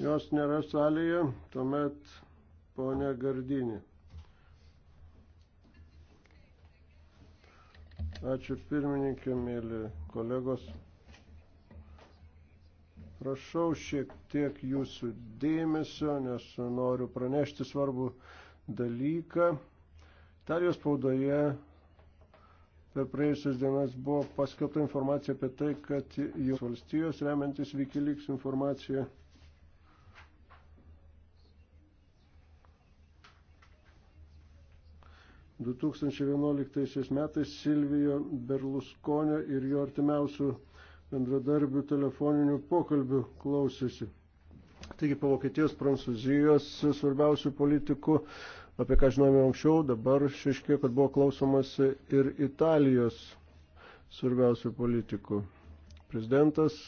Jos nėra salėje, tuomet ponia Gardinė. Ačiū pirmininkė, mėly kolegos. Prašau šiek tiek jūsų dėmesio, nes noriu pranešti svarbų dalyką. Italijos spaudoje Per praėjusias dienas buvo paskelbta informacija apie tai, kad jos valstijos, remiantis Wikileaks informaciją, 2011 metais Silvijo Berlusconio ir jo artimiausių bendradarbių telefoninių pokalbių klausėsi. Taigi po Vokietijos, Prancūzijos svarbiausių politikų, apie ką žinome anksčiau, dabar šiškė, kad buvo klausomasi ir Italijos svarbiausių politikų. Prezidentas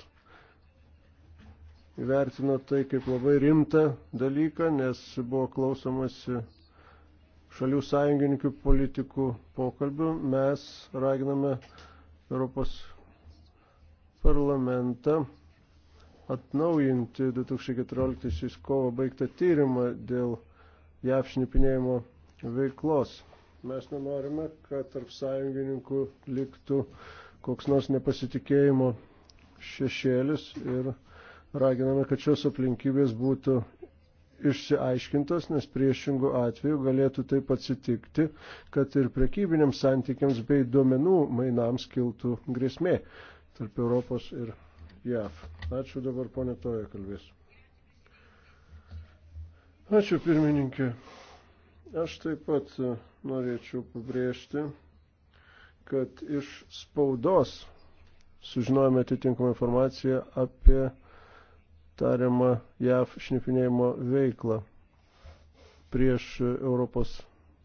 įvertino tai kaip labai rimtą dalyką, nes buvo klausomasi šalių sąjungininkų politikų pokalbių mes raginame Europos parlamentą atnaujinti 2014 kovo baigtą tyrimą dėl JAV šnipinėjimo veiklos. Mes nenorime, kad tarp sąjungininkų liktų koks nors nepasitikėjimo šešėlis ir raginame, kad šios aplinkybės būtų išsiaiškintos, nes priešingų atveju galėtų taip atsitikti, kad ir prekybiniams santykiams bei duomenų mainams kiltų grėsmė tarp Europos ir JAV. Ačiū dabar, ponė Toja, kalbės. Ačiū, pirmininkė. Aš taip pat norėčiau pabrėžti, kad iš spaudos sužinojome atitinkamą informaciją apie tariamą JAV šnipinėjimo veiklą prieš Europos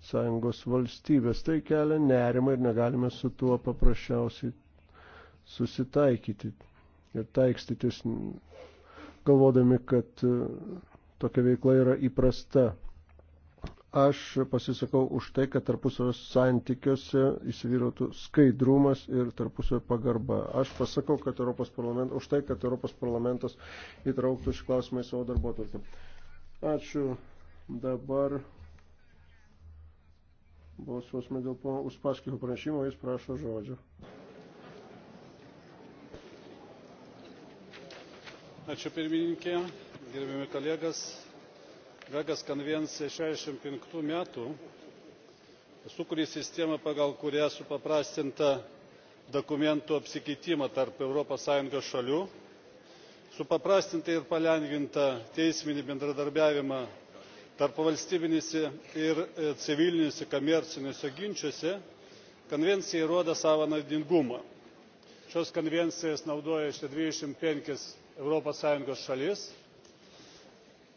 Sąjungos valstybės. Tai kelia nerimą ir negalime su tuo paprasčiausiai susitaikyti ir taikstytis, galvodami, kad tokia veikla yra įprasta Aš pasisakau už tai, kad tarpusavio santykiuose įsivyrautų skaidrumas ir tarpusavio pagarba. Aš pasakau, kad Europos parlamentas, už tai, kad Europos parlamentas įtrauktų šį klausimą į savo darbo tvarkę. Ačiū. Dabar balsuosime dėl pono Uspaskiko pranešimo, jis prašo žodžio. Ačiū pirmininkė, gerbėmi kolegas, vegos konvencija šešiasdešimt penki metų sukūrė sistemą pagal kurią supaprastinta dokumentų apsikeitimo tarp europos sąjungos šalių supaprastinta ir palengvinta teisminį bendradarbiavimą tarpvalstybiniuose ir e, civiliniuose komerciniuose ginčuose konvencija įrodo savo naudingumą. šios konvencijos naudojasi dvidešimt penki europos sąjungos šalys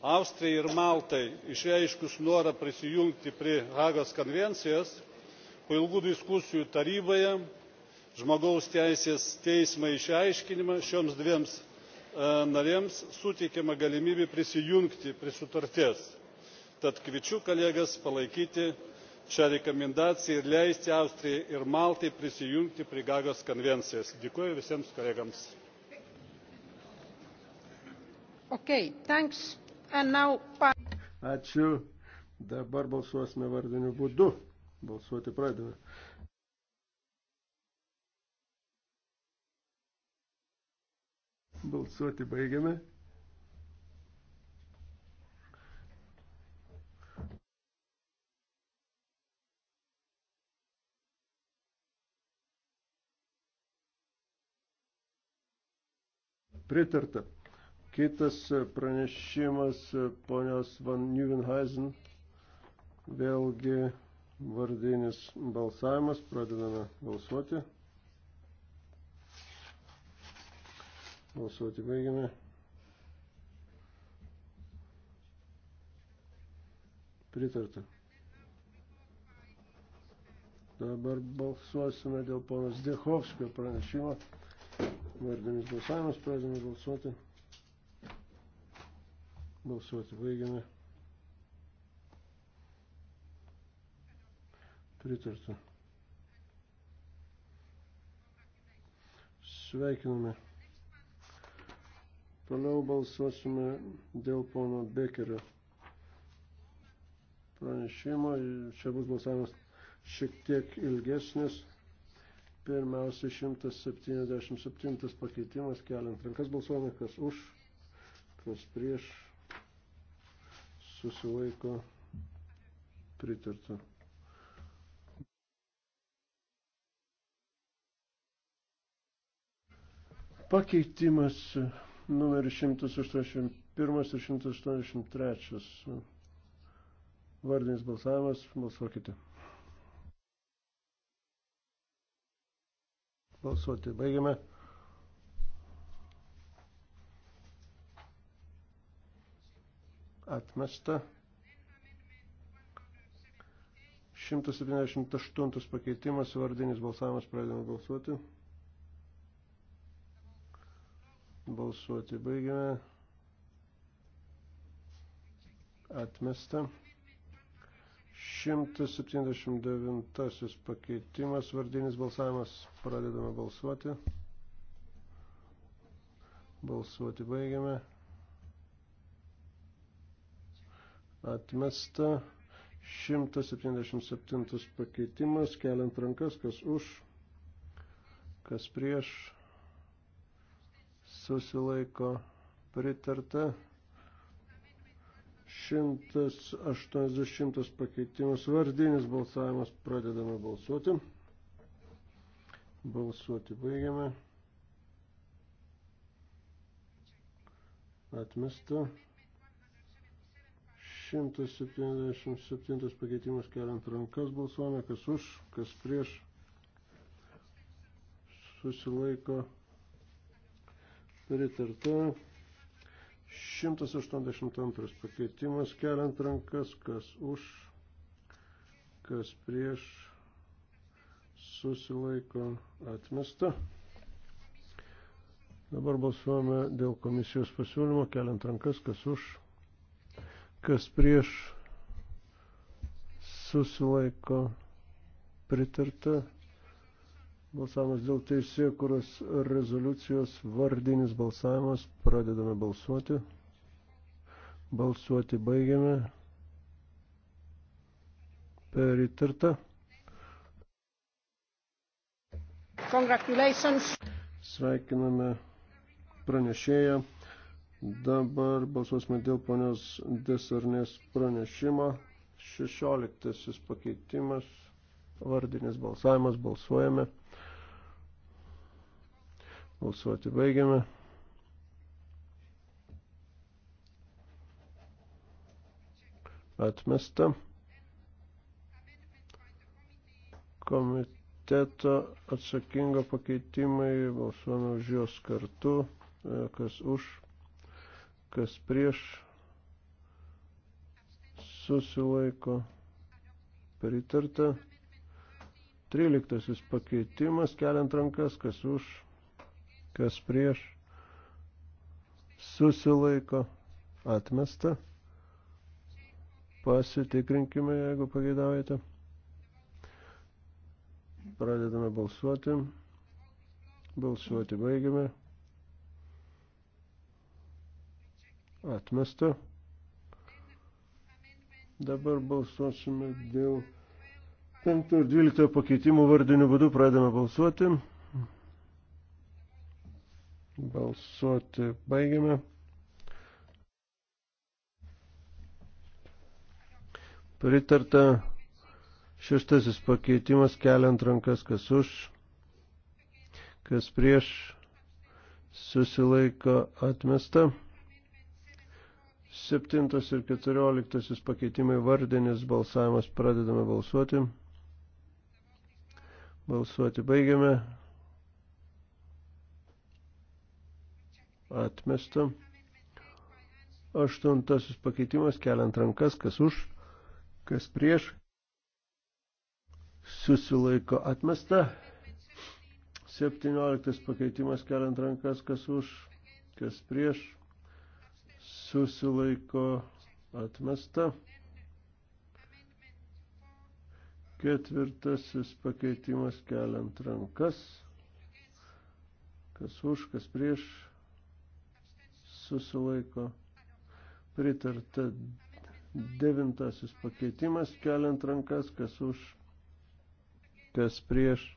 austrijai ir maltai išreiškus norą prisijungti prie hagos konvencijos po ilgų diskusijų taryboje žmogaus teisių teismo išaiškinimo šioms dviems e, narėms suteikiama galimybė prisijungti prie sutarties. tad kviečiu kolegas palaikyti šią rekomendaciją ir leisti austrijai ir maltai prisijungti prie hagos konvencijos. dėkoju visiems kolegoms. Now... Ačiū. Dabar balsuosime vardiniu būdu. Balsuoti pradedame. Balsuoti baigiame. Pritarta. Kitas pranešimas ponios Van Nieuwenhuizen, vėlgi vardinis balsavimas, pradedame balsuoti. Balsuoti baigiame. Pritarta. Dabar balsuosime dėl ponas Dėchovskio pranešimo. Vardinis balsavimas, pradedame balsuoti. Balsuoti baigiame. Pritarta. Sveikiname. Toliau balsuosime dėl pono Bekerio pranešimo. Čia bus balsavimas šiek tiek ilgesnis. Pirmiausia, 177 pakeitimas, keliant rankas balsuojame, kas už, kas prieš susilaiko pritarta. Pakeitimas numeris 181 ir 183. Vardinis balsavimas, balsuokite. Balsuoti baigiame. atmesta. 178 pakeitimas, vardinis balsavimas, pradėjome balsuoti. Balsuoti baigėme. Atmesta. 179 pakeitimas, vardinis balsavimas, pradedame balsuoti. Balsuoti baigėme. atmesta. 177 pakeitimas, keliant rankas, kas už, kas prieš, susilaiko pritarta. 180 pakeitimas, vardinis balsavimas, pradedame balsuoti. Balsuoti baigiame. Atmesta. 177 pakeitimas keliant rankas balsuojame, kas už, kas prieš susilaiko pritarta. 182 pakeitimas keliant rankas, kas už, kas prieš susilaiko atmesta. Dabar balsuojame dėl komisijos pasiūlymo, keliant rankas, kas už, kas prieš susilaiko pritarta. Balsavimas dėl teisėkuros rezoliucijos vardinis balsavimas. Pradedame balsuoti. Balsuoti baigiame. Peritarta. Congratulations. Sveikiname pranešėją. Dabar balsuosime dėl ponios Desarnės pranešimo. 16 pakeitimas, vardinis balsavimas, balsuojame. Balsuoti baigiame. Atmesta. Komiteto atsakingo pakeitimai, balsuojame už juos kartu, kas už kas prieš susilaiko pritarta. Tryliktasis pakeitimas, keliant rankas, kas už, kas prieš susilaiko atmesta. Pasitikrinkime, jeigu pageidaujate. Pradedame balsuoti. Balsuoti baigiame. atmesta. Dabar balsuosime dėl 5 ir 12 pakeitimų vardinių būdų. Pradame balsuoti. Balsuoti baigiame. Pritarta šeštasis pakeitimas keliant rankas, kas už, kas prieš, susilaiko atmesta. Septintas ir keturioliktasis pakeitimai vardinis balsavimas pradedame balsuoti. Balsuoti baigiame. Atmesta. Aštuntasis pakeitimas keliant rankas, kas už, kas prieš. Susilaiko atmesta. Septynioliktas pakeitimas keliant rankas, kas už, kas prieš susilaiko atmesta. Ketvirtasis pakeitimas keliant rankas. Kas už, kas prieš susilaiko. Pritarta devintasis pakeitimas keliant rankas, kas už, kas prieš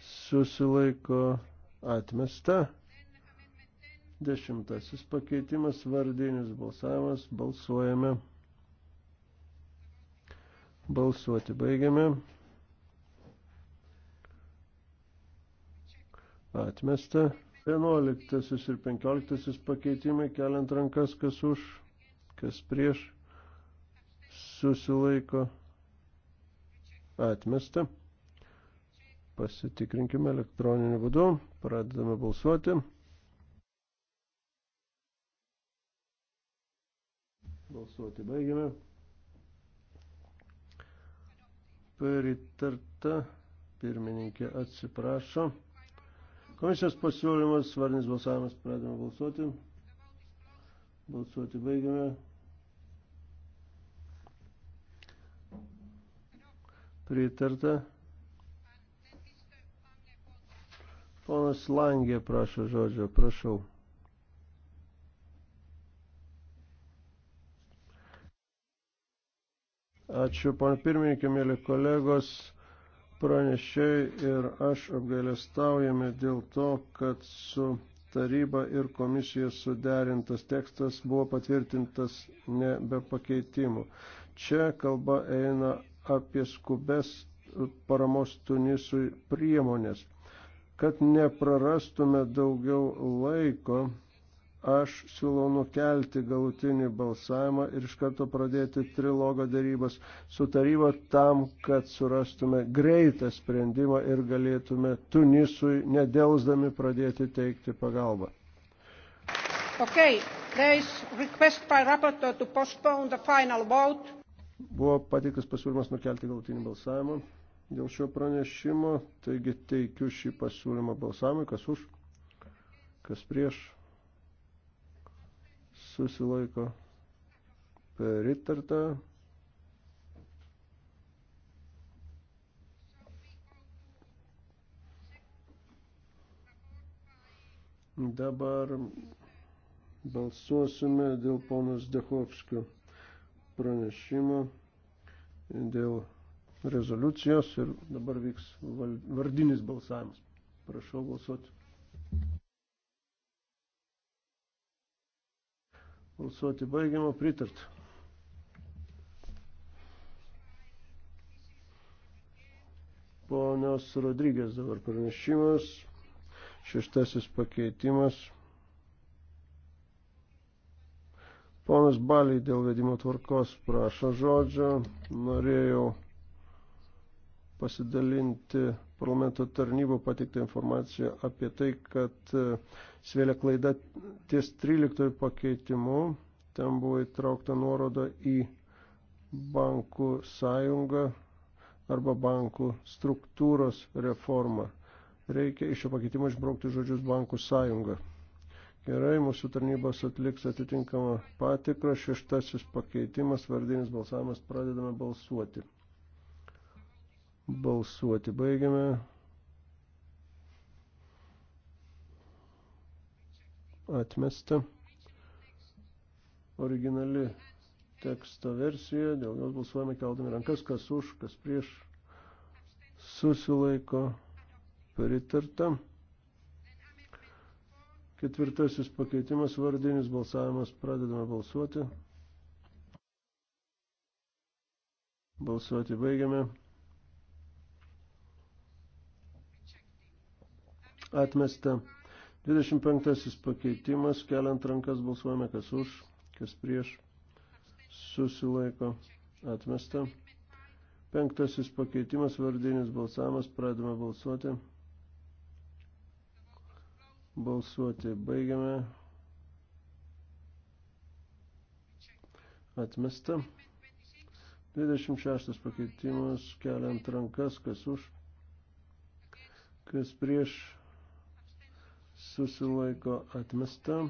susilaiko atmesta. Dešimtasis pakeitimas, vardinis balsavimas, balsuojame. Balsuoti baigiame. Atmesta. Vienuoliktasis ir penkioliktasis pakeitimai, keliant rankas, kas už, kas prieš, susilaiko. Atmesta. Pasitikrinkime elektroniniu būdu, pradedame balsuoti. Balsuoti baigiame. Pritarta. Pirmininkė atsiprašo. Komisijos pasiūlymas, varnis balsavimas, pradėjome balsuoti. Balsuoti baigiame. Pritarta. Ponas Langė prašo žodžio, prašau. Ačiū, pan pirmininkė, mėly kolegos, pranešiai ir aš apgailestaujame dėl to, kad su taryba ir komisija suderintas tekstas buvo patvirtintas ne be pakeitimų. Čia kalba eina apie skubes paramos Tunisui priemonės. Kad neprarastume daugiau laiko, Aš siūlau nukelti galutinį balsavimą ir iš karto pradėti trilogo darybas su taryba tam, kad surastume greitą sprendimą ir galėtume Tunisui nedelsdami pradėti teikti pagalbą. Okay. Buvo pateiktas pasiūlymas nukelti galutinį balsavimą dėl šio pranešimo, taigi teikiu šį pasiūlymą balsavimui, kas už, kas prieš susilaiko pritarta. Dabar balsuosime dėl ponas Dehovskio pranešimo, dėl rezoliucijos ir dabar vyks vardinis balsavimas. Prašau balsuoti. Balsuoti baigiama pritarta. Ponios Rodrygės dabar pranešimas. Šeštasis pakeitimas. Ponas Baliai dėl vedimo tvarkos prašo žodžio. Norėjau pasidalinti parlamento tarnybų patiktą informaciją apie tai, kad e, svėlė klaida ties 13 pakeitimu, ten buvo įtraukta nuoroda į bankų sąjungą arba bankų struktūros reformą. Reikia iš šio pakeitimo išbraukti žodžius bankų sąjunga. Gerai, mūsų tarnybos atliks atitinkamą patikrą. Šeštasis pakeitimas, vardinis balsavimas, pradedame balsuoti. Balsuoti baigiame. Atmesta. Originali teksto versija, dėl jos balsuojame keldami rankas, kas už, kas prieš, susilaiko, pritarta. Ketvirtasis pakeitimas, vardinis balsavimas, pradedame balsuoti. Balsuoti baigiame. atmesta. 25 pakeitimas, keliant rankas balsuojame, kas už, kas prieš, susilaiko, atmesta. Penktasis pakeitimas, vardinis balsavimas, pradame balsuoti. Balsuoti baigiame. Atmesta. 26 pakeitimas, keliant rankas, kas už, kas prieš, susilaiko atmesta.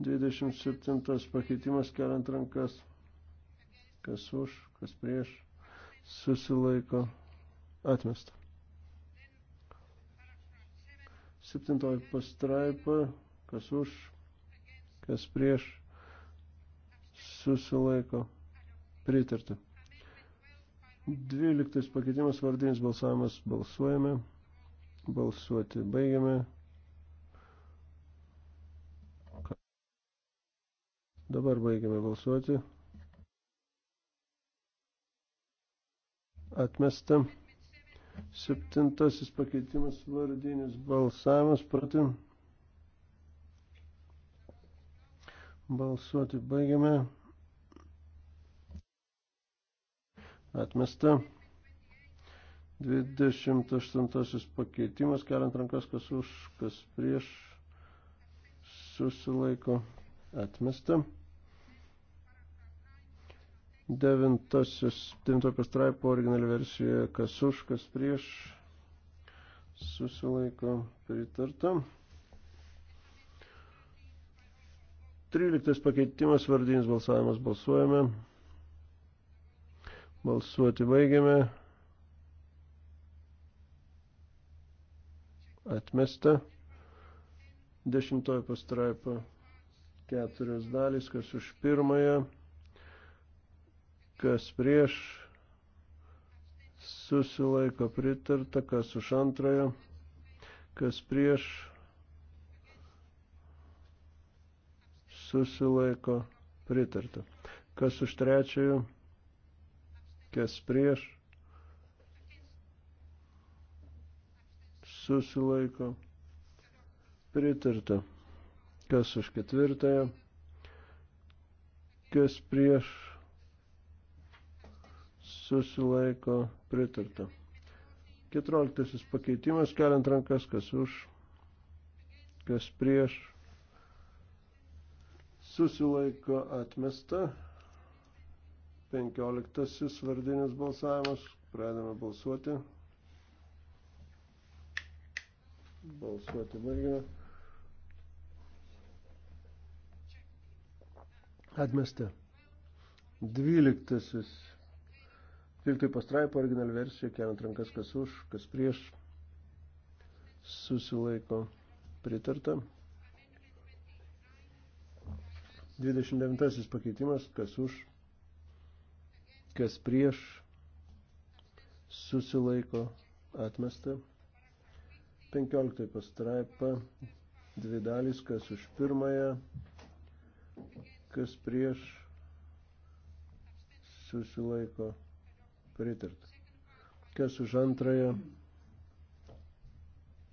27 pakeitimas keliant rankas. Kas už, kas prieš, susilaiko atmesta. Septintoji pastraipa, kas už, kas prieš, susilaiko pritarta. Dvyliktas pakeitimas, vardinis balsavimas, balsuojame, balsuoti baigiame. Dabar baigiame balsuoti. Atmesta. Septintasis pakeitimas vardinis balsavimas. Pratim. Balsuoti baigiame. Atmesta. 28 pakeitimas, keliant rankas, kas už, kas prieš, susilaiko, atmesta devintasis, devinto pastraipo originali versija, kas už, kas prieš, susilaiko pritarta. Tryliktas pakeitimas, vardinis balsavimas, balsuojame. Balsuoti baigiame. Atmesta. Dešimtoji pastraipa, keturios dalys, kas už pirmąją kas prieš, susilaiko pritarta, kas už antrąją, kas prieš, susilaiko pritarta, kas už trečiąją, kas prieš, susilaiko pritarta, kas už ketvirtąją, kas prieš, susilaiko pritarta. 14 pakeitimas, keliant rankas, kas už, kas prieš, susilaiko atmesta. 15 vardinis balsavimas, pradame balsuoti. Balsuoti baigime. Atmesta. 12 12 pastraipo original versija, keliant rankas kas už, kas prieš, susilaiko pritarta. 29 pakeitimas, kas už, kas prieš, susilaiko atmesta. 15 pastraipa, dvi dalys, kas už pirmąją, kas prieš, susilaiko atmesta Pritarta. Kas už antrąją,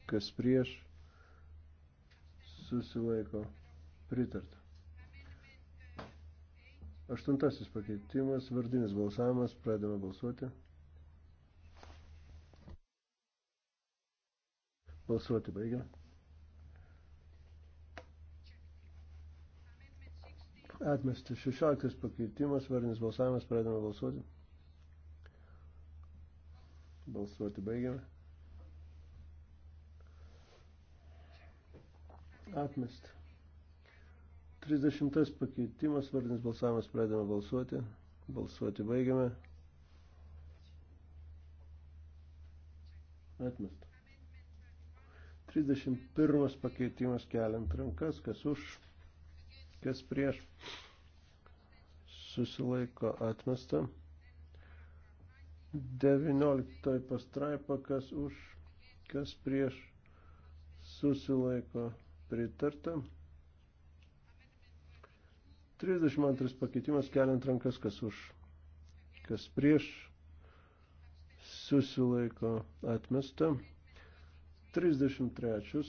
kas prieš, susilaiko. Pritarta. Aštuntasis pakeitimas, vardinis balsavimas, pradame balsuoti. Balsuoti baigia. Atmesti 16 pakeitimas, vardinis balsavimas, pradame balsuoti. Balsuoti baigiame. Atmesti. 30 pakeitimas, vardinis balsavimas, pradėjome balsuoti. Balsuoti baigiame. Atmesta. 31 pakeitimas keliant rankas, kas už, kas prieš, susilaiko atmesta. 19 pastraipa, kas už, kas prieš susilaiko pritarta. 32 pakeitimas keliant rankas, kas už, kas prieš susilaiko atmesta. 33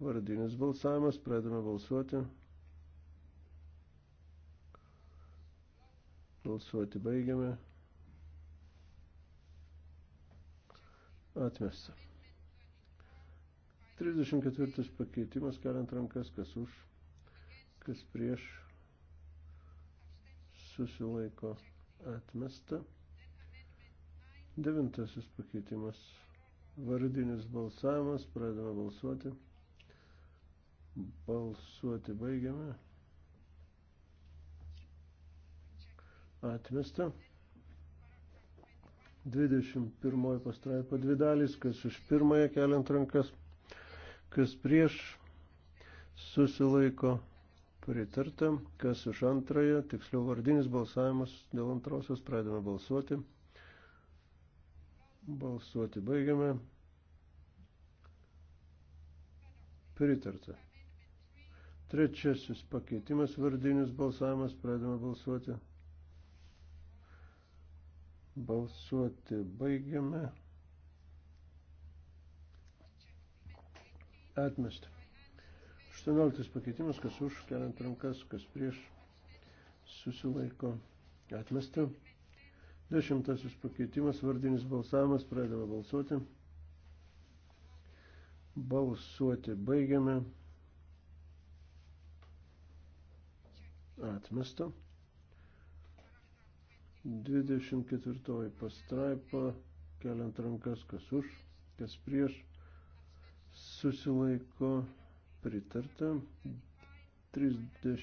vardinis balsavimas, pradame balsuoti. Balsuoti baigiame. Atmesta. 34 pakeitimas, keliant rankas, kas už, kas prieš, susilaiko atmesta. Devintasis pakeitimas, vardinis balsavimas, pradame balsuoti. Balsuoti baigiame. Atmesta. 21 pastraipa dvi dalys, kas už pirmąją keliant rankas, kas prieš susilaiko pritarta, kas už antrąją, tiksliau vardinis balsavimas dėl antrosios, pradėme balsuoti. Balsuoti baigiame. Pritarta. Trečiasis pakeitimas vardinis balsavimas, pradėme balsuoti. Balsuoti baigiame. Atmesti. 18 pakeitimas, kas už, keliant rankas, kas prieš, susilaiko. Atmesti. 10 pakeitimas, vardinis balsavimas, pradedame balsuoti. Balsuoti baigiame. Atmesta. 24 pastraipa, keliant rankas, kas už, kas prieš, susilaiko pritarta. 35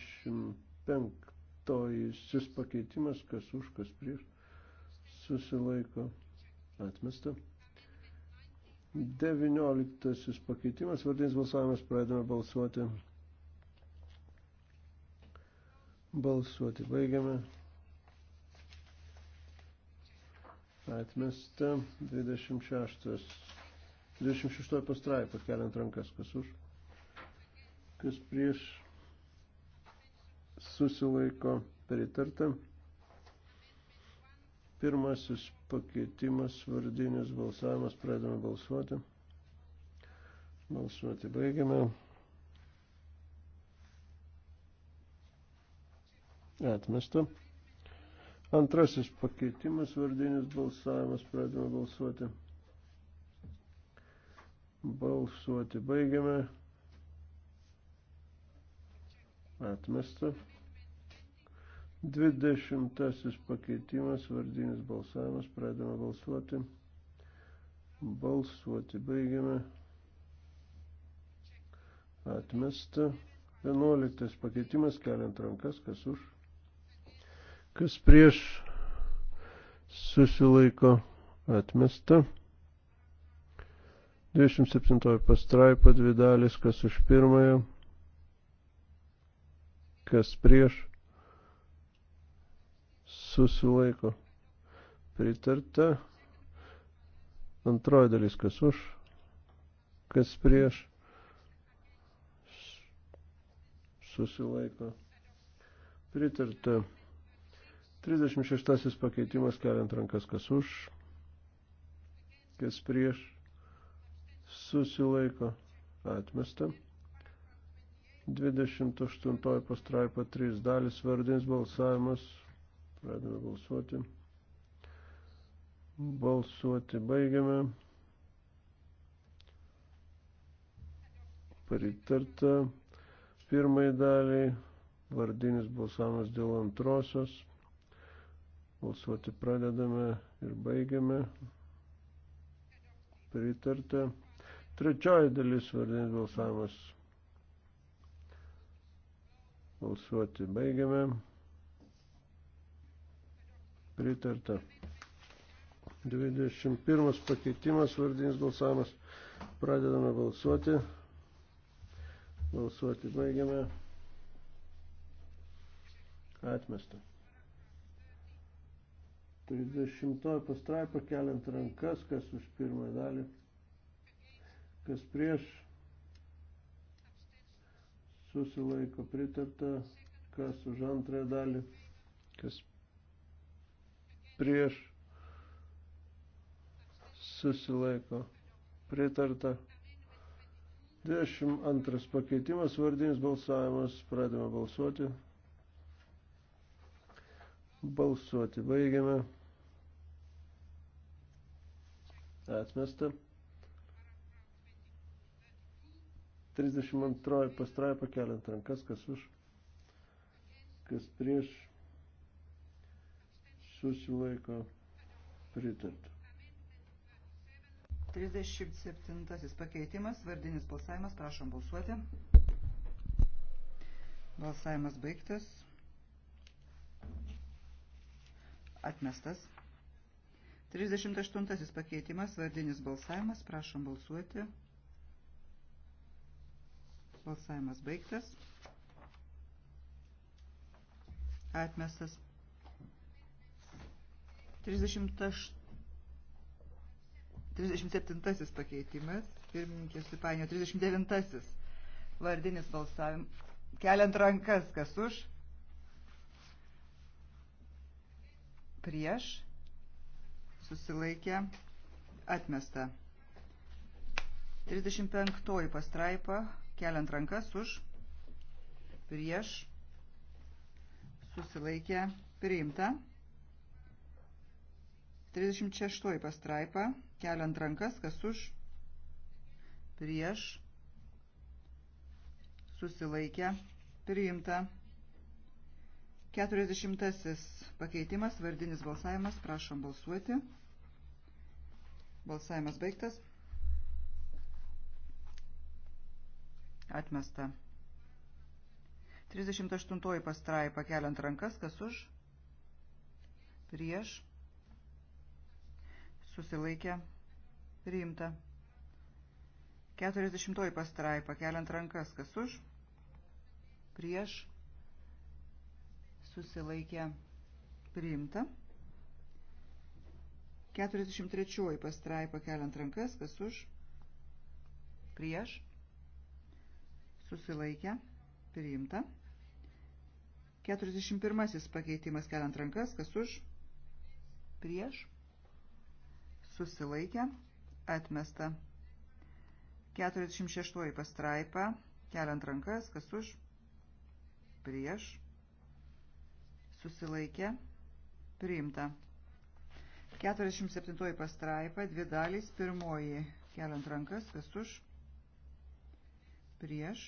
šis pakeitimas, kas už, kas prieš, susilaiko atmesta. 19 pakeitimas, vardinis balsavimas, pradedame balsuoti. Balsuoti baigiame. Atmesta 26. 26 pastraipa, keliant rankas, kas už, kas prieš susilaiko pritarta. Pirmasis pakeitimas, vardinis balsavimas, pradame balsuoti. Balsuoti baigiame. Atmesta. Antrasis pakeitimas, vardinis balsavimas, pradėjome balsuoti. Balsuoti baigiame. Atmesta. Dvidešimtasis pakeitimas, vardinis balsavimas, pradėjome balsuoti. Balsuoti baigiame. Atmesta. Vienuoliktas pakeitimas, keliant rankas, kas už kas prieš susilaiko atmesta. 27 pastraipa dvi dalis, kas už pirmąją, kas prieš susilaiko pritarta. Antroji dalis, kas už, kas prieš susilaiko pritarta. 36 pakeitimas keliant rankas kas už, kas prieš, susilaiko, atmesta. 28 pastraipa 3 dalis vardinis balsavimas, pradame balsuoti. Balsuoti baigiame. Pritarta pirmai daliai, vardinis balsavimas dėl antrosios. Balsuoti pradedame ir baigiame. Pritarta. Trečioji dalis vardinis balsavimas. Balsuoti baigiame. Pritarta. 21 pakeitimas vardinis balsavimas. Pradedame balsuoti. Balsuoti baigiame. Atmestam. 30 pastraipą keliant rankas, kas už pirmą dalį, kas prieš, susilaiko pritarta, kas už antrąją dalį, kas prieš, susilaiko pritarta. 22 pakeitimas, vardinis balsavimas, pradėjome balsuoti. Balsuoti baigiame atmesta. 32 pastraipą keliant rankas, kas už, kas prieš susilaiko pritartų. 37 pakeitimas, vardinis balsavimas, prašom balsuoti. Balsavimas baigtas. Atmestas. 38 pakeitimas, vardinis balsavimas, prašom balsuoti. Balsavimas baigtas. Atmestas. 38. 37 pakeitimas, pirmininkė supainio, 39 vardinis balsavimas, keliant rankas, kas už, prieš, susilaikė, atmesta. 35 pastraipa, keliant rankas už, prieš, susilaikė, priimta. 36 pastraipa, keliant rankas, kas už, prieš, susilaikė, priimta. 40 pakeitimas, vardinis balsavimas, prašom balsuoti. Balsavimas baigtas. Atmesta. 38 pastraipa keliant rankas, kas už, prieš, susilaikė, priimta. 40 pastraipa keliant rankas, kas už, prieš, susilaikė, priimta. 43 pastraipa keliant rankas, kas už, prieš, susilaikę, priimta. 41 pakeitimas keliant rankas, kas už, prieš, susilaikę, atmesta. 46 pastraipa keliant rankas, kas už, prieš, susilaikę, priimta. 47 pastraipa, dvi dalys, pirmoji keliant rankas, kas už, prieš,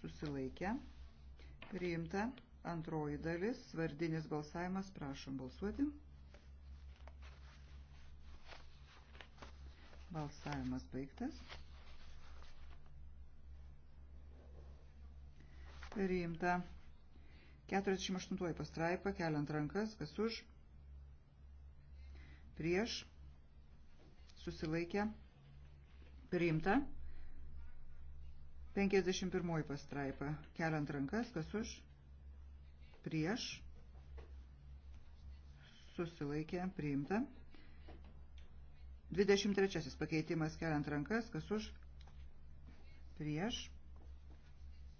susilaikę, priimta, antroji dalis, vardinis balsavimas, prašom balsuoti. Balsavimas baigtas. Priimta. 48 pastraipa, keliant rankas, kas už, prieš prieš, susilaikė, priimta. 51 pastraipa, keliant rankas, kas už, prieš, susilaikė, priimta. 23 pakeitimas, keliant rankas, kas už, prieš,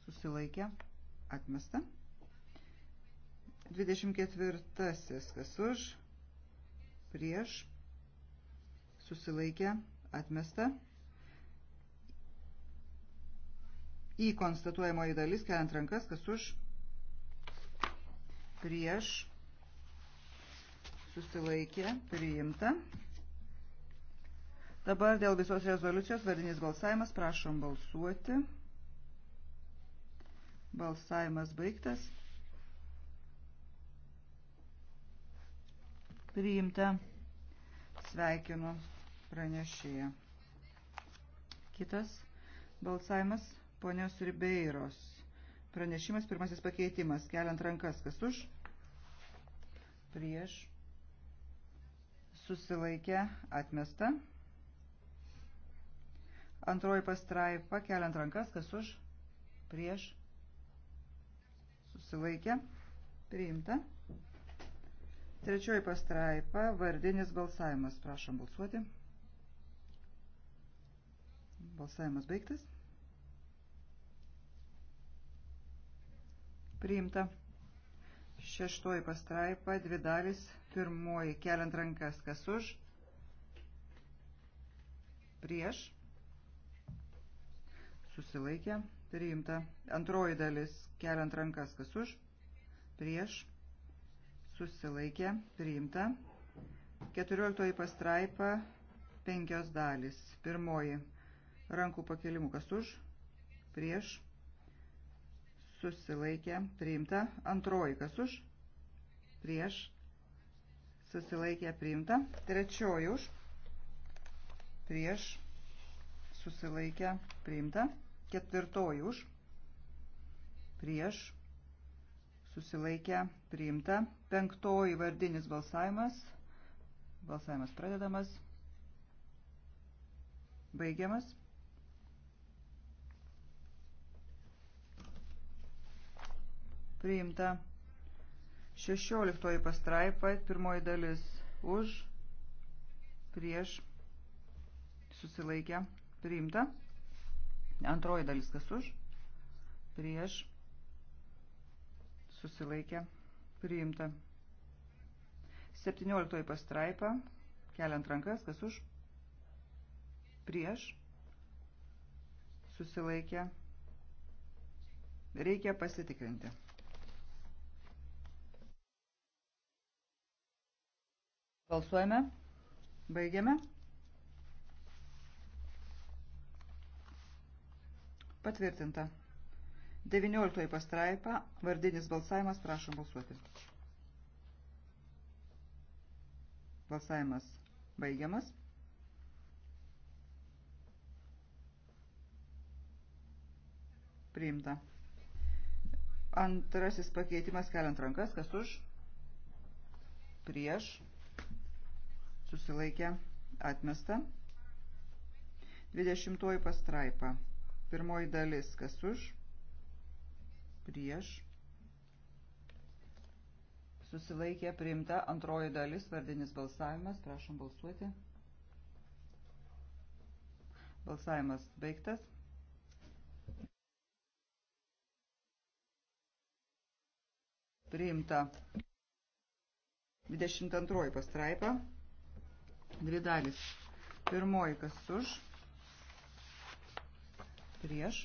susilaikė, atmesta. 24 kas už, prieš prieš, susilaikė, atmesta. Į konstatuojamoji dalis, keliant rankas, kas už, prieš, susilaikė, priimta. Dabar dėl visos rezoliucijos vardinis balsavimas, prašom balsuoti. Balsavimas baigtas. Priimta. Sveikinu pranešėją. Kitas balsavimas ponios Ribeiros. Pranešimas pirmasis pakeitimas. Keliant rankas. Kas už? Prieš. Susilaikę. Atmesta. Antroji pastraipa. Keliant rankas. Kas už? Prieš. Susilaikę. Priimta. Trečioji pastraipa, vardinis balsavimas. Prašom balsuoti. Balsavimas baigtas. Priimta. Šeštoji pastraipa, dvi dalis, pirmoji keliant rankas, kas už, prieš, susilaikė, priimta. Antroji dalis, keliant rankas, kas už, prieš, susilaikė, priimta. 14 pastraipa, 5 dalis. Pirmoji, rankų pakelimų kas už, prieš, susilaikė, priimta. Antroji kas už, prieš, susilaikė, priimta. Trečioji už, prieš, susilaikė, priimta. Ketvirtoji už, prieš, susilaikė, priimta prieš susilaikę priimta. Penktoji vardinis balsavimas. Balsavimas pradedamas. Baigiamas. Priimta. Šešioliktoji pastraipa, pirmoji dalis už, prieš, susilaikę, priimta. Antroji dalis kas už, prieš, susilaikė, priimta. 17 pastraipa, keliant rankas, kas už, prieš, susilaikė, reikia pasitikrinti. Balsuojame, baigiame. Patvirtinta. 19 pastraipa, vardinis balsavimas, prašom balsuoti. Balsavimas baigiamas. Priimta. Antrasis pakeitimas keliant rankas, kas už, prieš, susilaikė, atmesta. 20 pastraipa, pirmoji dalis, kas už, prieš prieš, susilaikė priimta antroji dalis, vardinis balsavimas, prašom balsuoti. Balsavimas baigtas. Priimta 22 pastraipa, dvi dalis. Pirmoji kas už, prieš,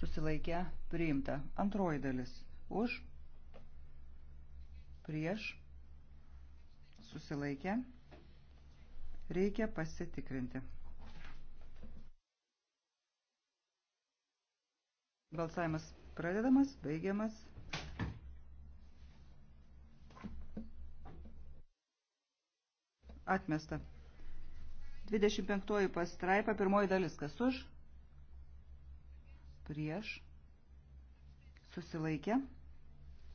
susilaikę priimta. Antroji dalis už, prieš, susilaikę, reikia pasitikrinti. Balsavimas pradedamas, baigiamas. Atmesta. 25 pastraipa, pirmoji dalis, kas už, prieš, susilaikė,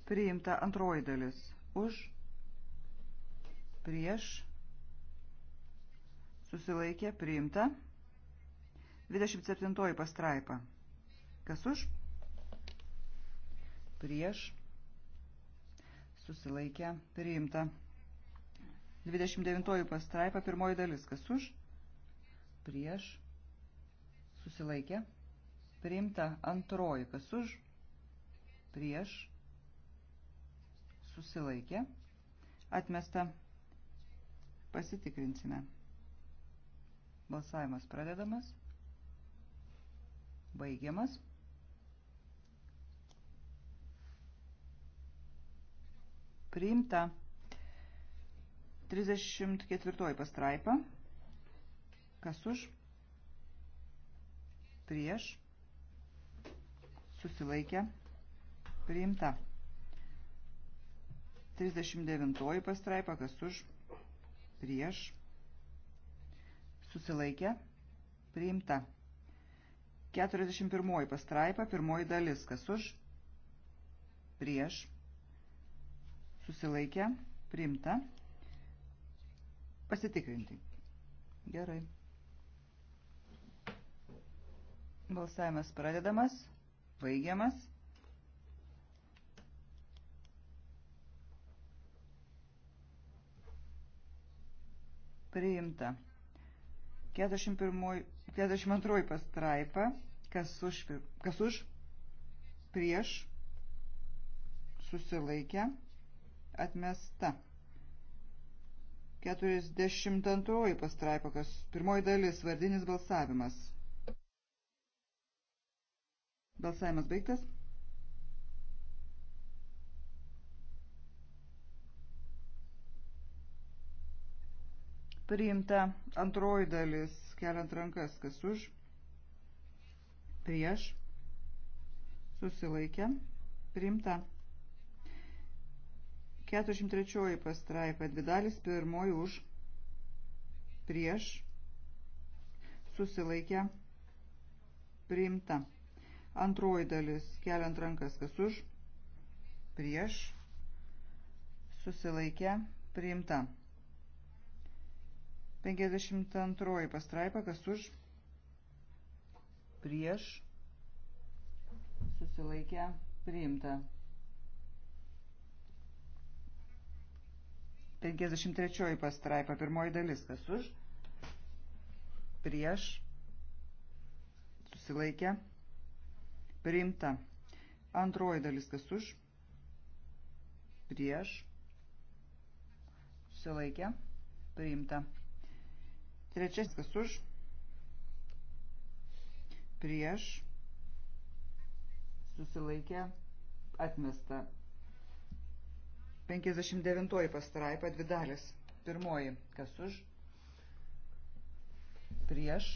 priimta antroji dalis, už, prieš, susilaikė, priimta, 27 pastraipa, kas už, prieš, susilaikė, priimta, 29 pastraipa, pirmoji dalis, kas už, prieš, susilaikė, priimta, priimta antroji, kas už, prieš, susilaikė, atmesta, pasitikrinsime. Balsavimas pradedamas, baigiamas. Priimta 34 pastraipa, kas už, prieš, susilaikė, priimta. 39 pastraipa, kas už, prieš, susilaikė, priimta. 41 pastraipa, pirmoji dalis, kas už, prieš, susilaikė, priimta. Pasitikrinti. Gerai. Balsavimas pradedamas. Baigiamas. Priimta. 41, 42 pastraipa. Kas už, kas už? Prieš. Susilaikę. Atmesta. 42 pastraipa. Kas pirmoji dalis. Vardinis balsavimas. Balsavimas baigtas. Priimta antroji dalis, keliant rankas, kas už, prieš, susilaikė, priimta. 43 pastraipa, dvi dalis, pirmoji už, prieš, susilaikė, priimta. Antroji dalis, keliant rankas, kas už, prieš, susilaikę, priimta. 52 pastraipa, kas už, prieš, susilaikę, priimta. 53 pastraipa, pirmoji dalis, kas už, prieš, susilaikę, priimta Priimta. Antroji dalis kas už. Prieš. Susilaikė. Priimta. Trečiasis kas už. Prieš. Susilaikė. Atmesta. 59 pastraipa dvi dalis. Pirmoji kas už. Prieš.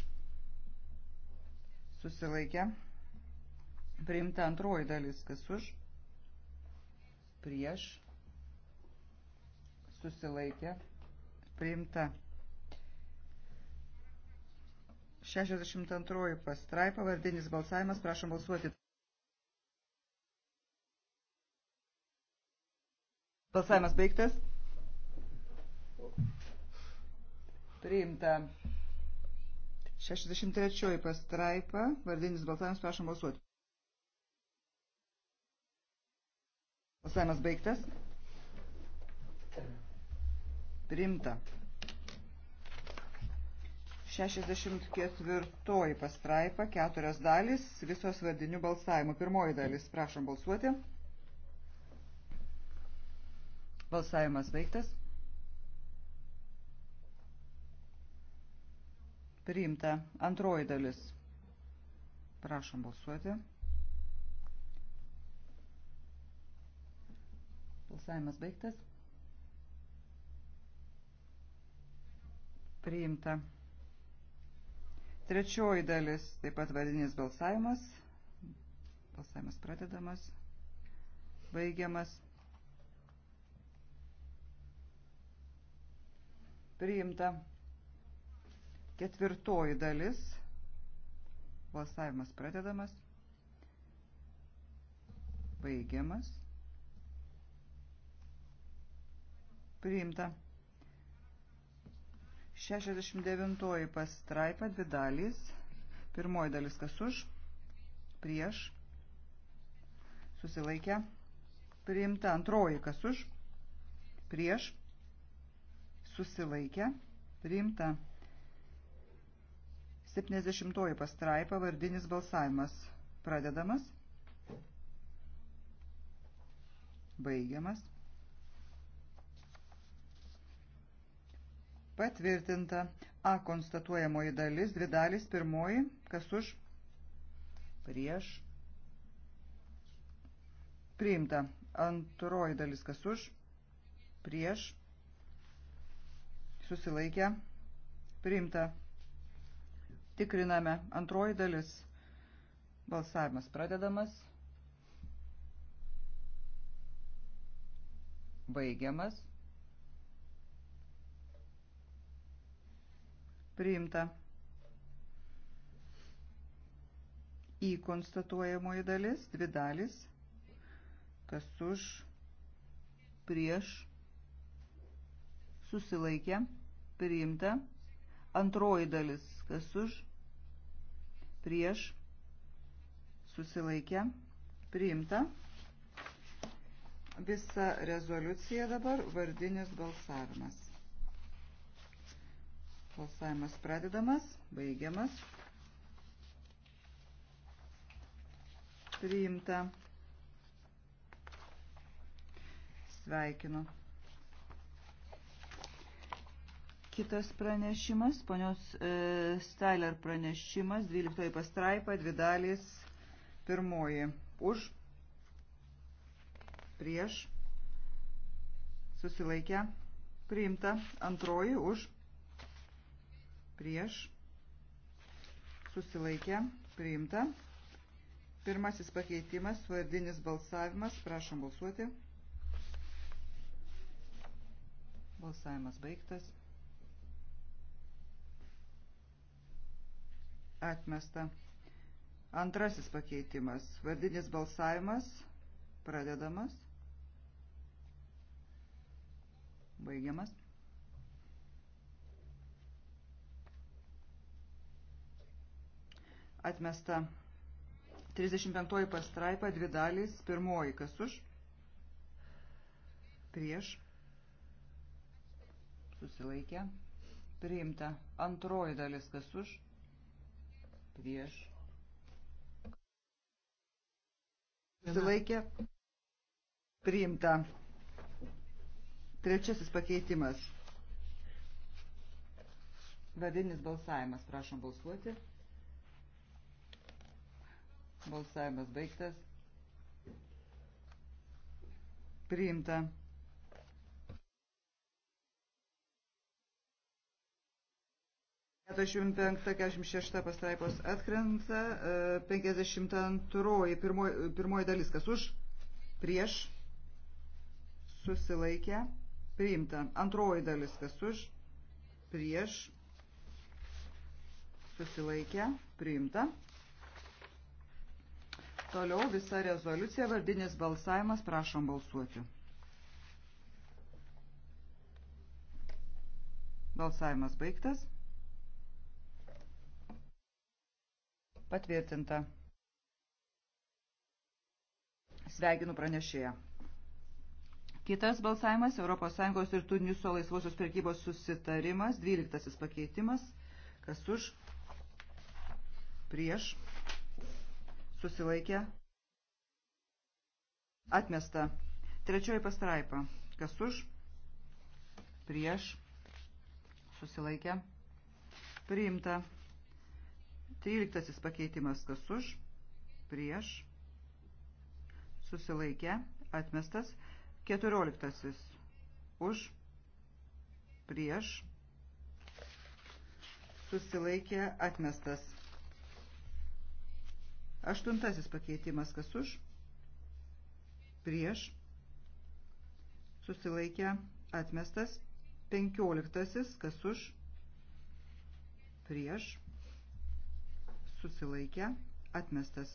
Susilaikė. Prieš Priimta antroji dalis, kas už, prieš, susilaikė, priimta. 62 pastraipa, vardinis balsavimas, prašom balsuoti. Balsavimas baigtas. Priimta. 63 pastraipa, vardinis balsavimas, prašom balsuoti. Balsavimas baigtas. Primta. 64 pastraipa, keturios dalys, visos vardinių balsavimų. Pirmoji dalis, prašom balsuoti. Balsavimas baigtas. Priimta. Antroji dalis. Prašom balsuoti. Balsavimas baigtas. Priimta. Trečioji dalis, taip pat vardinis balsavimas. Balsavimas pradedamas, baigiamas. Priimta. Ketvirtoji dalis. Balsavimas pradedamas, baigiamas. Priimta. 69 pastraipa, dvi dalys. Pirmoji dalis kas už, prieš, susilaikę. Priimta antroji kas už, prieš, susilaikę. Priimta. 70 pastraipa, vardinis balsavimas. Pradedamas. Baigiamas. Patvirtinta. A konstatuojamoji dalis, dvi dalis, pirmoji, kas už, prieš, priimta. Antroji dalis, kas už, prieš, susilaikę, priimta. Tikriname. Antroji dalis. Balsavimas pradedamas. Baigiamas. priimta. Į konstatuojamoji dalis, dvi dalis, kas už, prieš, susilaikė, priimta. Antroji dalis, kas už, prieš, susilaikė, priimta. Visa rezoliucija dabar vardinis balsavimas. Balsavimas pradedamas, baigiamas. Priimta. Sveikinu. Kitas pranešimas, ponios e, Styler pranešimas, 12 pastraipa, dvi dalys, pirmoji. Už, prieš, susilaikę, priimta, antroji, už, prieš prieš, susilaikę, priimta. Pirmasis pakeitimas, vardinis balsavimas, prašom balsuoti. Balsavimas baigtas. Atmesta. Antrasis pakeitimas, vardinis balsavimas, pradedamas, baigiamas. atmesta. 35 pastraipa, dvi dalys, pirmoji kas už, prieš, susilaikė, priimta, antroji dalis kas už, prieš, susilaikė, priimta. Trečiasis pakeitimas. Vadinis balsavimas, prašom balsuoti. Balsavimas baigtas. Priimta. Keturiasdešimt penkta, keturiasdešimt šešta pastraipos atkrenta, e, penkiasdešimt antroji, pirmoji, pirmoji dalis, kas už, prieš, susilaikę, priimta. Antroji dalis, kas už, prieš, susilaikę, priimta. Toliau visa rezoliucija, vardinis balsavimas, prašom balsuoti. Balsavimas baigtas. Patvirtinta. Sveikinu pranešėją. Kitas balsavimas – ES ir Tuniso laisvosios prekybos susitarimas, 12 pakeitimas. Kas už? Prieš. Prieš susilaikė, atmesta. Trečioji pastraipa, kas už, prieš, susilaikė, priimta. Tryliktasis pakeitimas, kas už, prieš, susilaikė, atmestas. Keturioliktasis, už, prieš, susilaikė, atmestas. Aštuntasis pakeitimas kas už, prieš, susilaikė, atmestas. Penkioliktasis kas už, prieš, susilaikė, atmestas.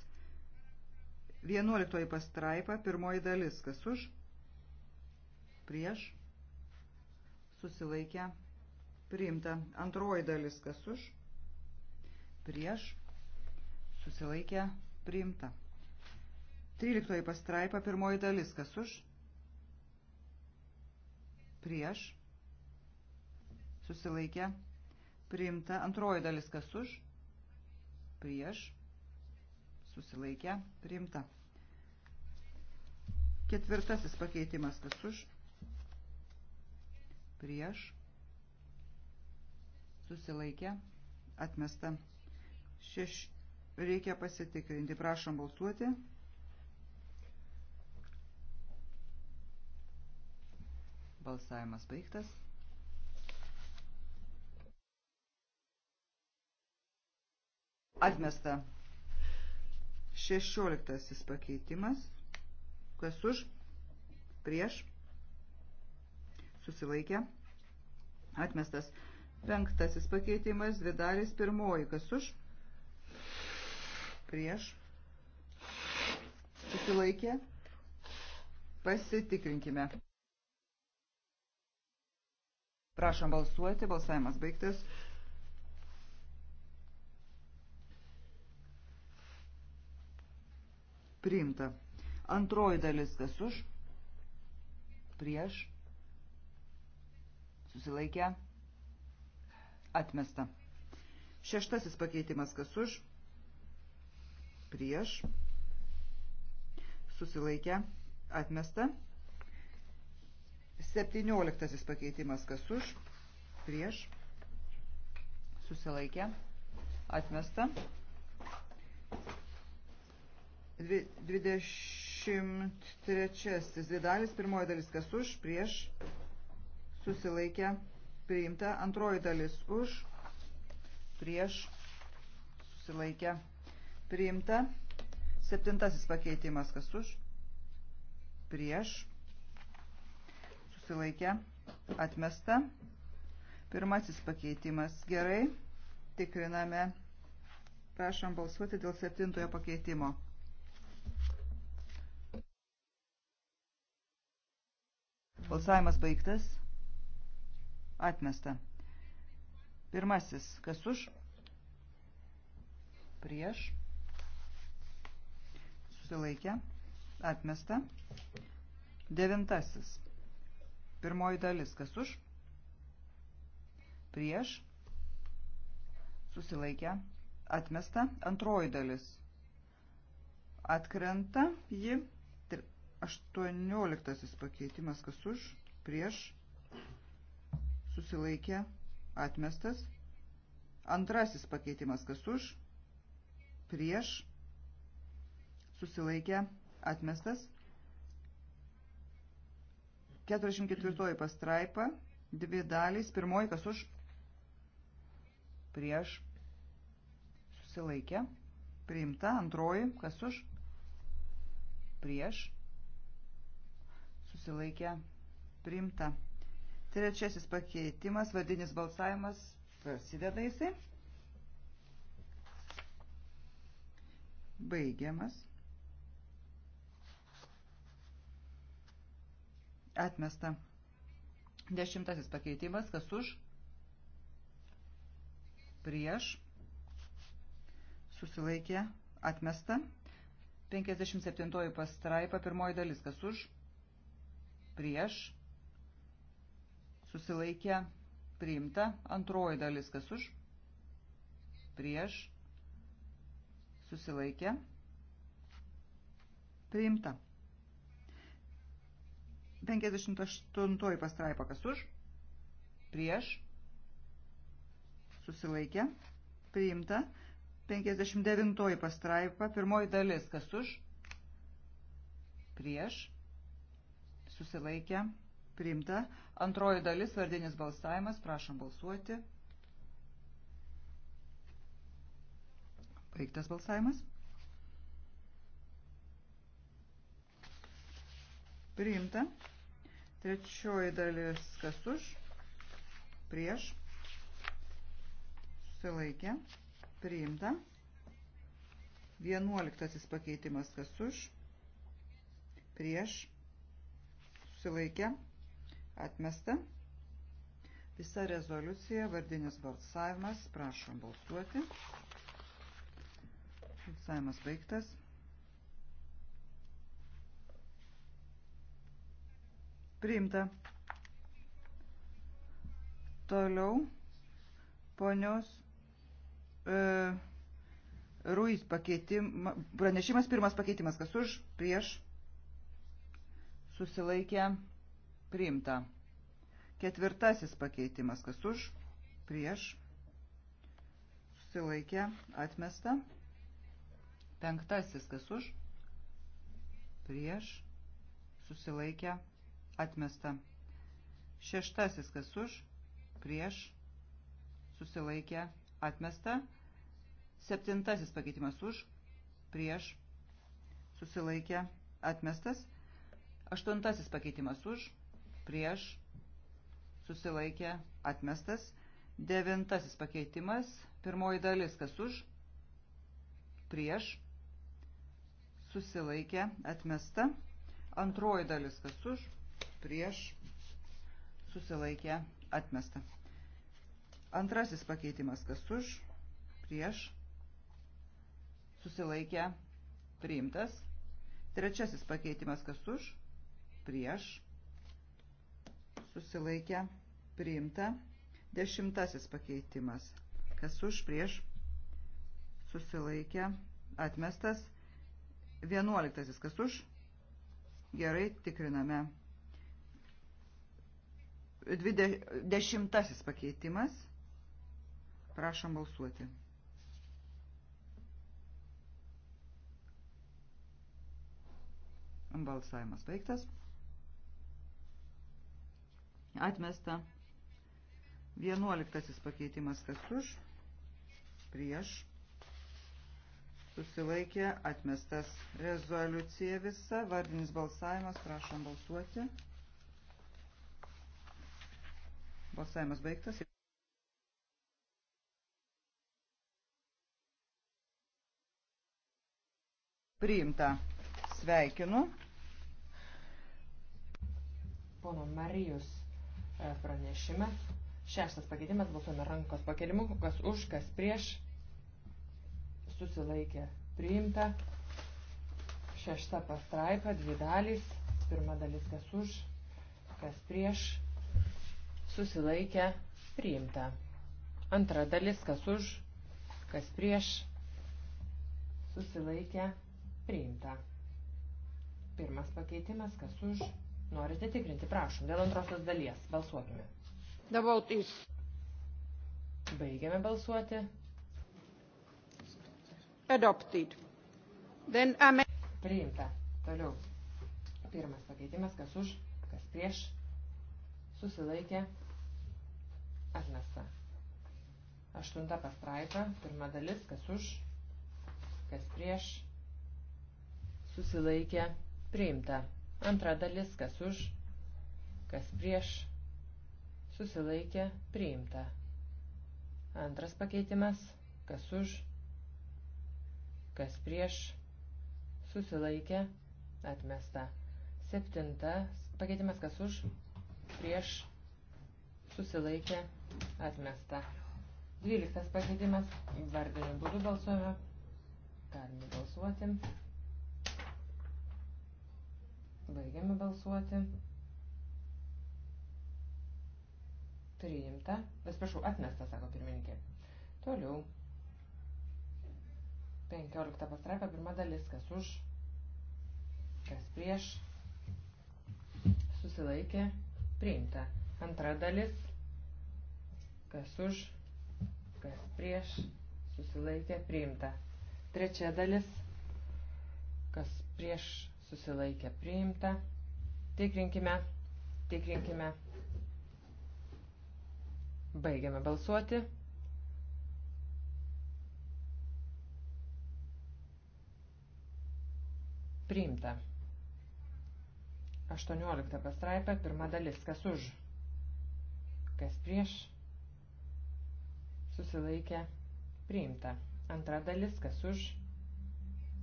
Vienuoliktoji pastraipa, pirmoji dalis kas už, prieš, susilaikė, priimta. Antroji dalis kas už, prieš, susilaikė, atmestas susilaikė priimta. 13 pastraipa, pirmoji dalis, kas už, prieš, susilaikė, priimta, antroji dalis, kas už, prieš, susilaikė, priimta. Ketvirtasis pakeitimas, kas už, prieš, susilaikė, atmesta. Šeš, Reikia pasitikrinti. Prašom balsuoti. Balsavimas baigtas. Atmesta. Šešioliktasis pakeitimas. Kas už? Prieš. Susilaikė. Atmestas. Penktasis pakeitimas. Dvi dalis. Pirmoji. Kas už? Prieš prieš, susilaikė, pasitikrinkime. Prašom balsuoti, balsavimas baigtas. Priimta. Antroji dalis kas už, prieš, susilaikė, atmesta. Šeštasis pakeitimas kas už, prieš prieš, susilaikę, atmesta. 17 pakeitimas kas už, prieš, susilaikę, atmesta. 23 dvi dalis, pirmoji dalis kas už, prieš, susilaikę, priimta, antroji dalis už, prieš, susilaikę, atmesta Priimta. Septintasis pakeitimas. Kas už? Prieš. Susilaikę. Atmesta. Pirmasis pakeitimas. Gerai. Tikriname. Prašom balsuoti dėl septintojo pakeitimo. Balsavimas baigtas. Atmesta. Pirmasis. Kas už? Prieš. Prieš susilaikė, atmesta. Devintasis. Pirmoji dalis, kas už, prieš, susilaikė, atmesta. Antroji dalis, atkrenta, ji, 18 pakeitimas, kas už, prieš, susilaikė, atmestas. Antrasis pakeitimas, kas už, prieš, susilaikė atmestas. 44 pastraipa, dvi dalys, pirmoji kas už, prieš, susilaikė, priimta, antroji kas už, prieš, susilaikė, priimta. Trečiasis pakeitimas, vardinis balsavimas, prasideda jisai. Baigiamas. Atmesta. Dešimtasis pakeitimas, kas už, prieš, susilaikė, atmesta. 57 pastraipa, pirmoji dalis, kas už, prieš, susilaikė, priimta. Antroji dalis, kas už, prieš, susilaikė, priimta. 58 pastraipa kas už, prieš, susilaikė, priimta. 59 pastraipa, pirmoji dalis kas už, prieš, susilaikė, priimta. Antroji dalis vardinis balsavimas, prašom balsuoti. Baigtas balsavimas. Priimta. Trečioji dalis kas už, prieš, susilaikė, priimta. Vienuoliktasis pakeitimas kas už, prieš, susilaikė, atmesta. Visa rezoliucija, vardinis balsavimas, prašom balsuoti. Balsavimas baigtas. Priimta. Toliau ponios e, Ruiz pakeitimas, pranešimas pirmas pakeitimas, kas už, prieš, susilaikė, priimta. Ketvirtasis pakeitimas, kas už, prieš, susilaikė, atmesta. Penktasis, kas už, prieš, susilaikė, atmesta atmesta. Šeštasis, kas už, prieš, susilaikė, atmesta. Septintasis pakeitimas už, prieš, susilaikė, atmestas. Aštuntasis pakeitimas už, prieš, susilaikė, atmestas. Devintasis pakeitimas, pirmoji dalis, kas už, prieš, susilaikė, atmesta. Antroji dalis, kas už, prieš susilaikė atmesta. Antrasis pakeitimas, kas už, prieš, susilaikė, priimtas. Trečiasis pakeitimas, kas už, prieš, susilaikė, priimta. Dešimtasis pakeitimas, kas už, prieš, susilaikė, atmestas. Vienuoliktasis, kas už, gerai, tikriname. Dešimtasis pakeitimas. Prašom balsuoti. Balsavimas baigtas. Atmesta. Vienuoliktasis pakeitimas kas už. Prieš. Susilaikė atmestas rezoliucija visa. Vardinis balsavimas. Prašom balsuoti. Balsuoti. Balsavimas baigtas. Priimta. Sveikinu. Pono Marijus e, pranešime. Šeštas pakeitimas balsuojame rankos pakelimu, kas už, kas prieš. Susilaikė priimta. Šešta pastraipa, dvi dalys. Pirma dalis kas už, kas prieš susilaikę, priimta. Antra dalis, kas už, kas prieš, susilaikę, priimta. Pirmas pakeitimas, kas už, norite tikrinti, prašom, dėl antrosios dalies, balsuokime. Davautis. Baigiame balsuoti. Adopted. Then amen. Priimta. Toliau. Pirmas pakeitimas, kas už, kas prieš, susilaikė, Atmesta. Aštunta pastraipa, pirma dalis, kas už, kas prieš, susilaikė, priimta. Antra dalis, kas už, kas prieš, susilaikė, priimta. Antras pakeitimas, kas už, kas prieš, susilaikė, atmesta. Septintas pakeitimas, kas už, prieš, susilaikė, atmesta. 12 pakeitimas, vardiniu būdu balsuojame, galime balsuoti, baigiame balsuoti, priimta, vis prašau, atmesta, sako pirmininkė. Toliau, 15 pastraipa, pirma dalis, kas už, kas prieš, susilaikė, priimta. Antra dalis. Kas už, kas prieš, susilaikė, priimta. Trečia dalis. Kas prieš, susilaikė, priimta. Tikrinkime, tikrinkime. Baigiame balsuoti. Priimta. 18 pastraipa, pirma dalis, kas už kas prieš, susilaikė, priimta. Antra dalis, kas už,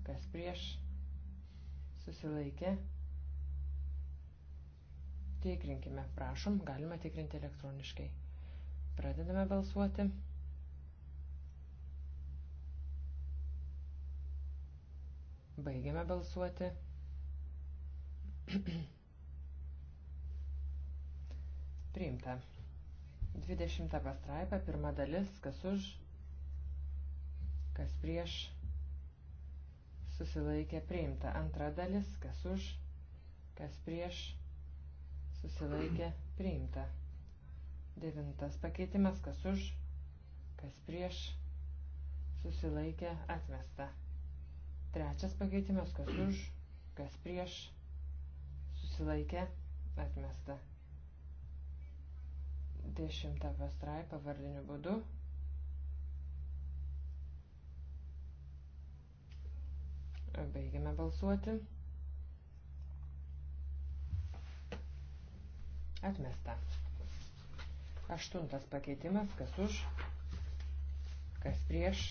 kas prieš, susilaikė. Tikrinkime, prašom, galima tikrinti elektroniškai. Pradedame balsuoti. Baigiame balsuoti. Priimta. 20 pastraipa, pirma dalis, kas už, kas prieš, susilaikė priimta. Antra dalis, kas už, kas prieš, susilaikė priimta. Devintas pakeitimas, kas už, kas prieš, susilaikė atmesta. Trečias pakeitimas, kas už, kas prieš, susilaikė atmesta. Dešimtą pastraipą vardiniu būdu. Baigiame balsuoti. Atmesta. Aštuntas pakeitimas, kas už, kas prieš,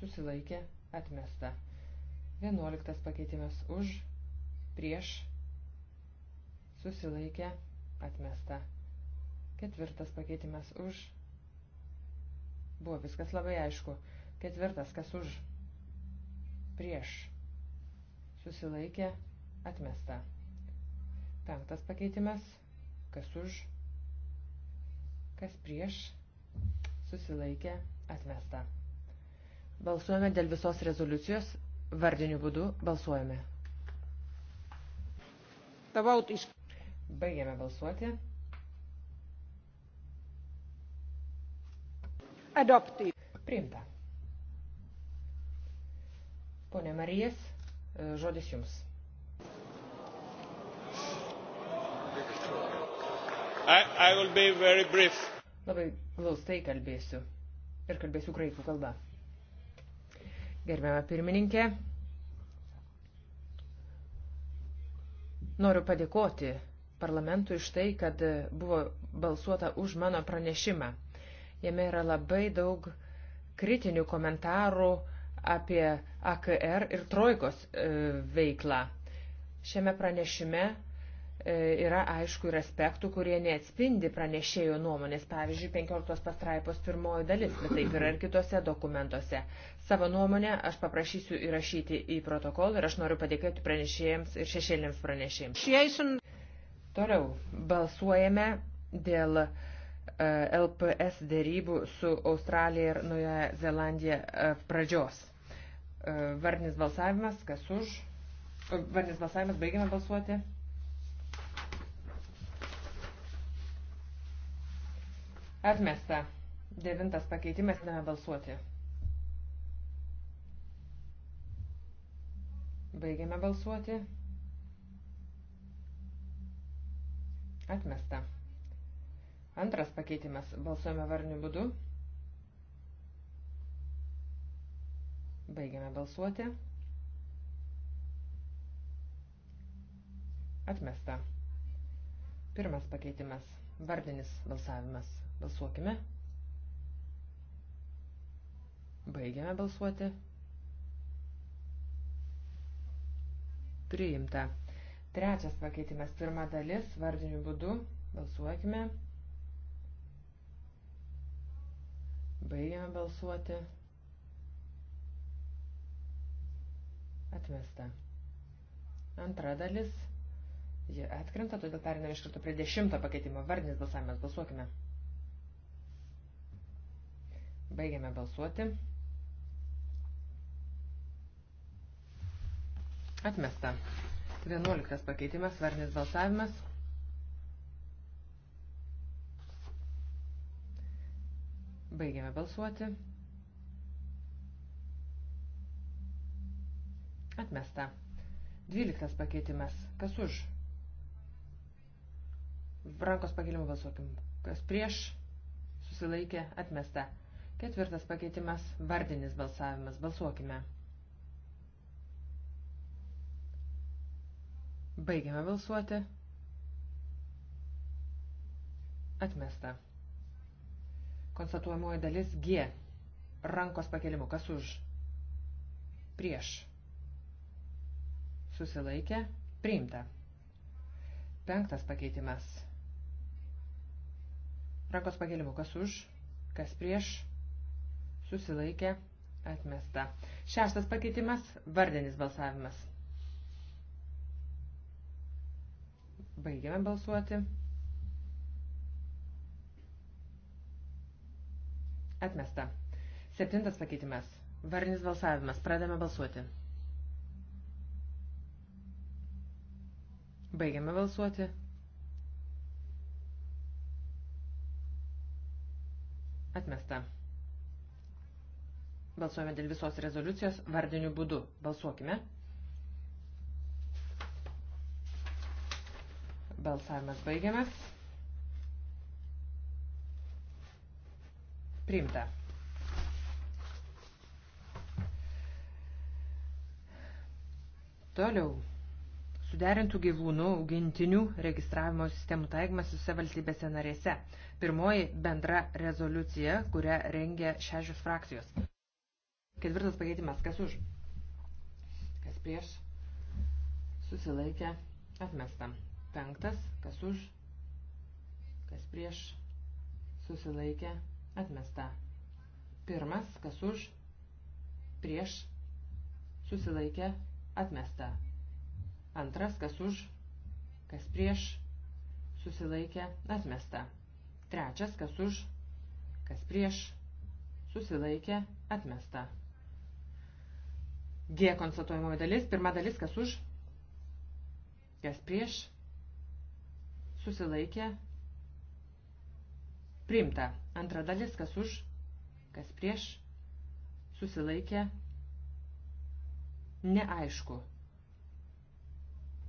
susilaikė, atmesta. Vienuoliktas pakeitimas už, prieš, susilaikė, atmesta. Ketvirtas pakeitimas už. Buvo viskas labai aišku. Ketvirtas, kas už. Prieš. Susilaikė. Atmesta. Penktas pakeitimas. Kas už. Kas prieš. Susilaikė. Atmesta. Balsuojame dėl visos rezoliucijos. Vardiniu būdu balsuojame. Tavaut iš. Baigėme balsuoti. Adopted. Priimta. Pone Marijas, e, žodis jums. I, I will be very brief. Labai glaustai kalbėsiu ir kalbėsiu graikų kalba. Gerbiama pirmininkė, noriu padėkoti parlamentui iš tai, kad buvo balsuota už mano pranešimą. Jame yra labai daug kritinių komentarų apie AKR ir Troikos e, veiklą. Šiame pranešime e, yra aišku ir aspektų, kurie neatspindi pranešėjo nuomonės, pavyzdžiui, 15 pastraipos pirmoji dalis, bet taip yra ir kitose dokumentuose. Savo nuomonę aš paprašysiu įrašyti į protokolą ir aš noriu padėkėti pranešėjams ir šešėlėms pranešėjams. Toliau balsuojame dėl uh, E, LPS dėrybų su Australija ir Naujoje Zelandija e, pradžios. E, Varnis balsavimas, kas už? Varnis balsavimas, baigime balsuoti. Atmesta. Devintas pakeitimas, nebe balsuoti. Baigėme balsuoti. Atmesta. Antras pakeitimas. Balsuojame varniu būdu. Baigiame balsuoti. Atmesta. Pirmas pakeitimas. Vardinis balsavimas. Balsuokime. Baigiame balsuoti. Priimta. Trečias pakeitimas. Pirma dalis. Vardiniu būdu. Balsuokime. Balsuokime. Baigiame balsuoti. Atmesta. Antra dalis. Ji atkrenta, todėl periname iš karto prie dešimto pakeitimo. Vardinis balsavimas. Balsuokime. Baigiame balsuoti. Atmesta. Vienuoliktas pakeitimas. Vardinis balsavimas. Baigiame balsuoti. Atmesta. Dvyliktas pakeitimas. Kas už? Rankos pakelimų balsuokim. Kas prieš? Susilaikė. Atmesta. Ketvirtas pakeitimas. Vardinis balsavimas. Balsuokime. Baigiame balsuoti. Atmesta. Konstatuojamoji dalis G. Rankos pakelimu. Kas už? Prieš. Susilaikė. Priimta. Penktas pakeitimas. Rankos pakelimu. Kas už? Kas prieš? Susilaikė. Atmesta. Šeštas pakeitimas. Vardinis balsavimas. Baigiame balsuoti. Atmesta. Septintas pakeitimas. Varnis balsavimas. Pradame balsuoti. Baigiame balsuoti. Atmesta. Balsuojame dėl visos rezoliucijos vardiniu būdu. Balsuokime. Balsavimas baigiamas. Priimta. Toliau. Suderintų gyvūnų augintinių registravimo sistemų taikymas visose valstybėse narėse. Pirmoji bendra rezoliucija, kurią rengia šešios frakcijos. Ketvirtas pakeitimas. Kas už? Kas prieš? Susilaikė. Atmesta. Penktas. Kas už? Kas prieš? Susilaikė. Atmesta. Pirmas, kas už, prieš, susilaikė, atmesta. Antras, kas už, kas prieš, susilaikė, atmesta. Trečias, kas už, kas prieš, susilaikė, atmesta. G konstatuojamoji dalis, pirma dalis, kas už, kas prieš, susilaikė, atmesta Priimta. Antra dalis, kas už, kas prieš, susilaikė, neaišku.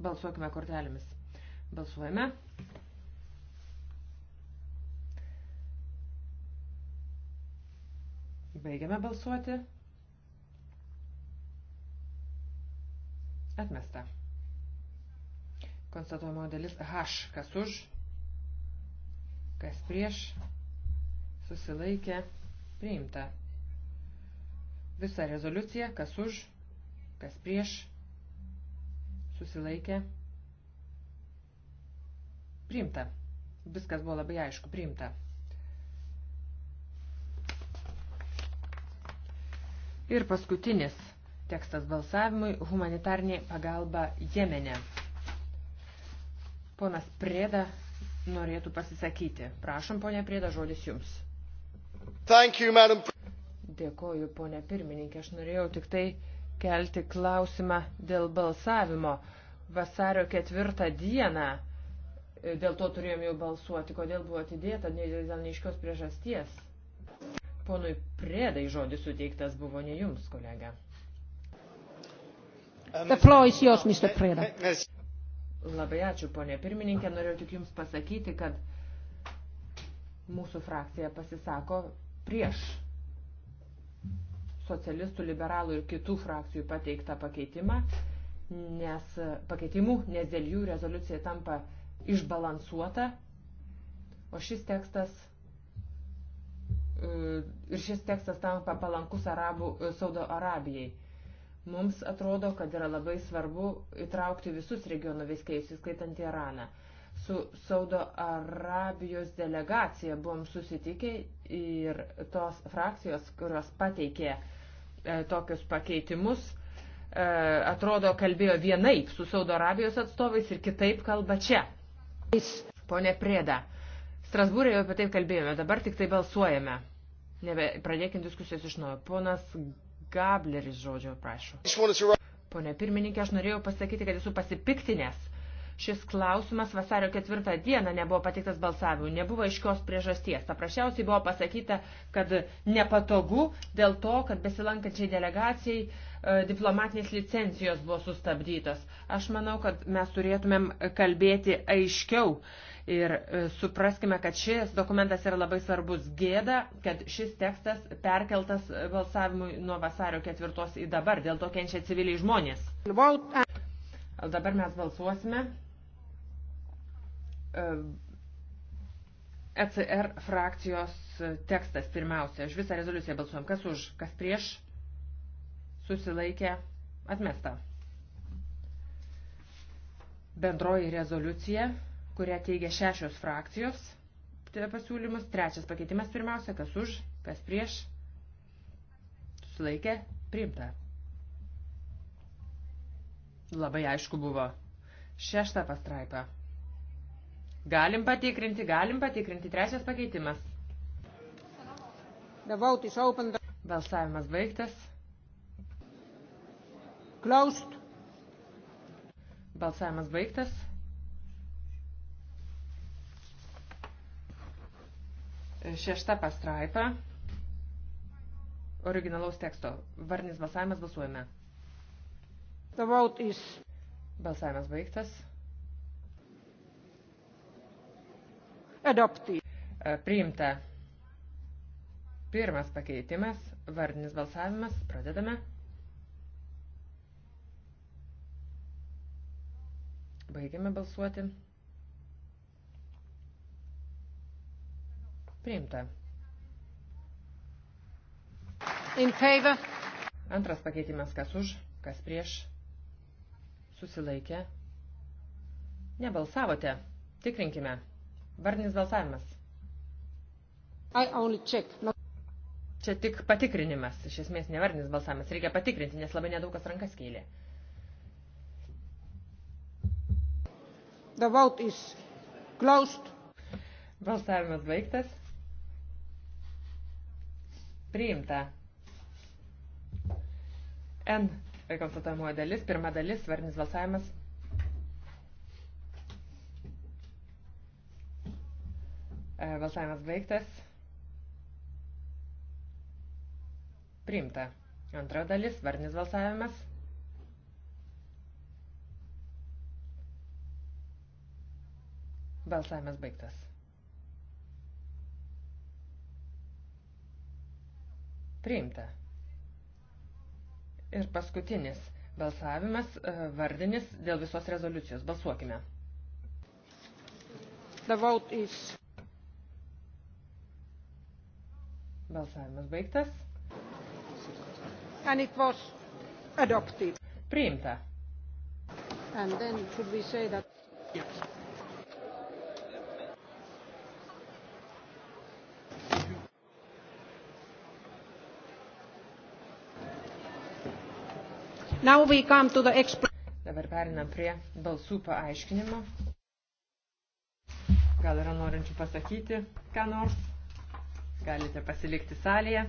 Balsuokime kortelėmis. Balsuojame. Baigiame balsuoti. Atmesta. Konstatuojama dalis H, kas už, kas prieš, susilaikė, priimta. Visa rezoliucija, kas už, kas prieš, susilaikė, priimta. Viskas buvo labai aišku, priimta. Ir paskutinis tekstas balsavimui – humanitarnė pagalba Jemene. Ponas Prėda norėtų pasisakyti. Prašom, ponė Prieda, žodis jums. Thank you, madam. Dėkoju, ponė pirmininkė. Aš norėjau tik tai kelti klausimą dėl balsavimo. Vasario ketvirtą dieną e, dėl to turėjom jau balsuoti. Kodėl buvo atidėta, dėl neiškios priežasties. Ponui Priedai žodis suteiktas buvo ne jums, kolega. The floor is yours, Mr. Preda. Labai ačiū, ponė pirmininkė. Norėjau tik Jums pasakyti, kad mūsų frakcija pasisako prieš socialistų, liberalų ir kitų frakcijų pateiktą pakeitimą, nes pakeitimų, nes dėl jų rezoliucija tampa išbalansuota, o šis tekstas e, ir šis tekstas tampa palankus Arabų e, Saudo Arabijai. Mums atrodo, kad yra labai svarbu įtraukti visus regionų veiskėjus, įskaitant Iraną. Su Saudo Arabijos delegacija buvom susitikę ir tos frakcijos, kurios pateikė e, tokius pakeitimus, e, atrodo kalbėjo vienaip su Saudo Arabijos atstovais ir kitaip kalba čia. Pone Prėda, Strasbūrė jau apie tai kalbėjome, dabar tik tai balsuojame. Nebe, pradėkim diskusijas iš naujo. Ponas Gableris žodžio prašau. Pone pirmininkė, aš norėjau pasakyti, kad esu pasipiktinęs. Šis klausimas vasario ketvirtą dieną nebuvo patiktas balsavimui, nebuvo aiškios priežasties. Paprasčiausiai buvo pasakyta, kad nepatogu dėl to, kad besilankančiai delegacijai E, diplomatinės licencijos buvo sustabdytos. Aš manau, kad mes turėtumėm kalbėti aiškiau ir e, supraskime, kad šis dokumentas yra labai svarbus gėda, kad šis tekstas perkeltas e, balsavimui nuo vasario ketvirtos į dabar, dėl to kenčia civiliai žmonės. Dabar mes balsuosime. ECR frakcijos tekstas pirmiausia. Aš visą rezoliuciją balsuojam. Kas už, kas prieš? susilaikė atmesta. Bendroji rezoliucija, kurią teigia šešios frakcijos pasiūlymus. Trečias pakeitimas pirmiausia, kas už, kas prieš, susilaikė, priimta. Labai aišku buvo. Šešta pastraipa. Galim patikrinti, galim patikrinti. Trečias pakeitimas. Balsavimas baigtas. Closed. Balsavimas baigtas. Šešta pastraipa. Originalaus teksto. Varnis balsavimas balsuojame. The vote is... Balsavimas baigtas. Adopted. E, priimta. Pirmas pakeitimas. Vardinis balsavimas. Pradedame. Baigiame balsuoti. Priimta. In favor. Antras pakeitimas, kas už, kas prieš. Susilaikė. Nebalsavote. Tikrinkime. Vardinis balsavimas. I only check. No. Čia tik patikrinimas, iš esmės nevardinis balsavimas. Reikia patikrinti, nes labai nedaugas rankas kėlė. The vote is closed. Balsavimas baigtas. Priimta. N konstatuojamoji dalis, pirma dalis, varnis balsavimas. E, balsavimas baigtas. Priimta. Antra dalis, varnis balsavimas. Balsavimas baigtas. Priimta. Ir paskutinis balsavimas, e, vardinis dėl visos rezoliucijos. Balsuokime. The vote is... Balsavimas baigtas. And it was adopted. Priimta. And then should we say that... Yes. The... Dabar perinam prie balsų paaiškinimo. Gal yra norinčių pasakyti, ką nors? Galite pasilikti salėje.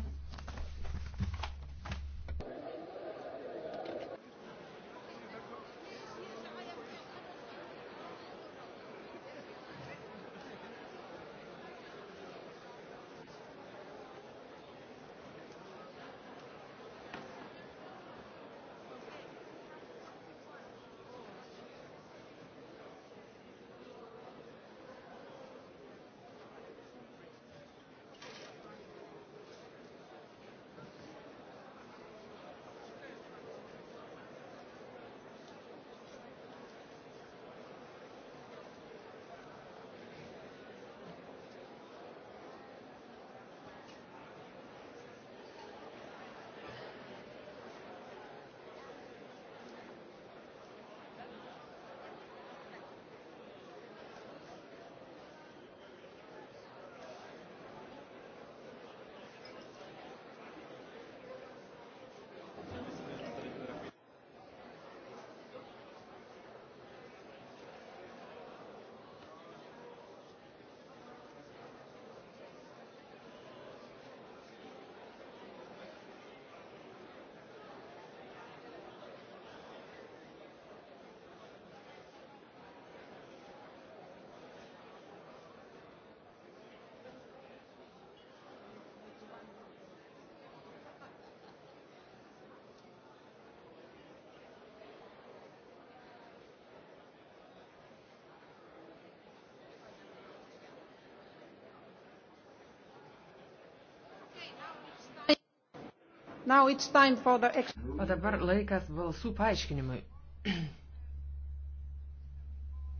The... O dabar laikas balsų paaiškinimui.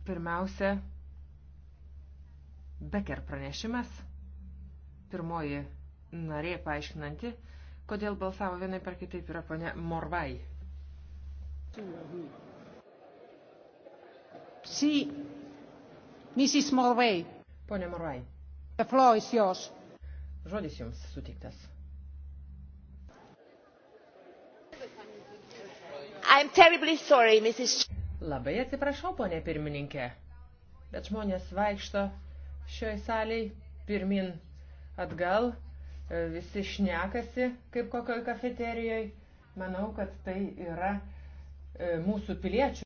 Pirmiausia, Becker pranešimas, pirmoji narė paaiškinanti, kodėl balsavo vienai per kitaip yra ponia Morvai. Si, Mrs. Morvai. Ponia Morvai. The floor is yours. Žodis jums sutiktas. Sorry, Mrs... Labai atsiprašau, ponė pirmininkė, bet žmonės vaikšto šioj saliai pirmin atgal, e, visi šnekasi kaip kokioj kafeterijoje. Manau, kad tai yra e, mūsų piliečių.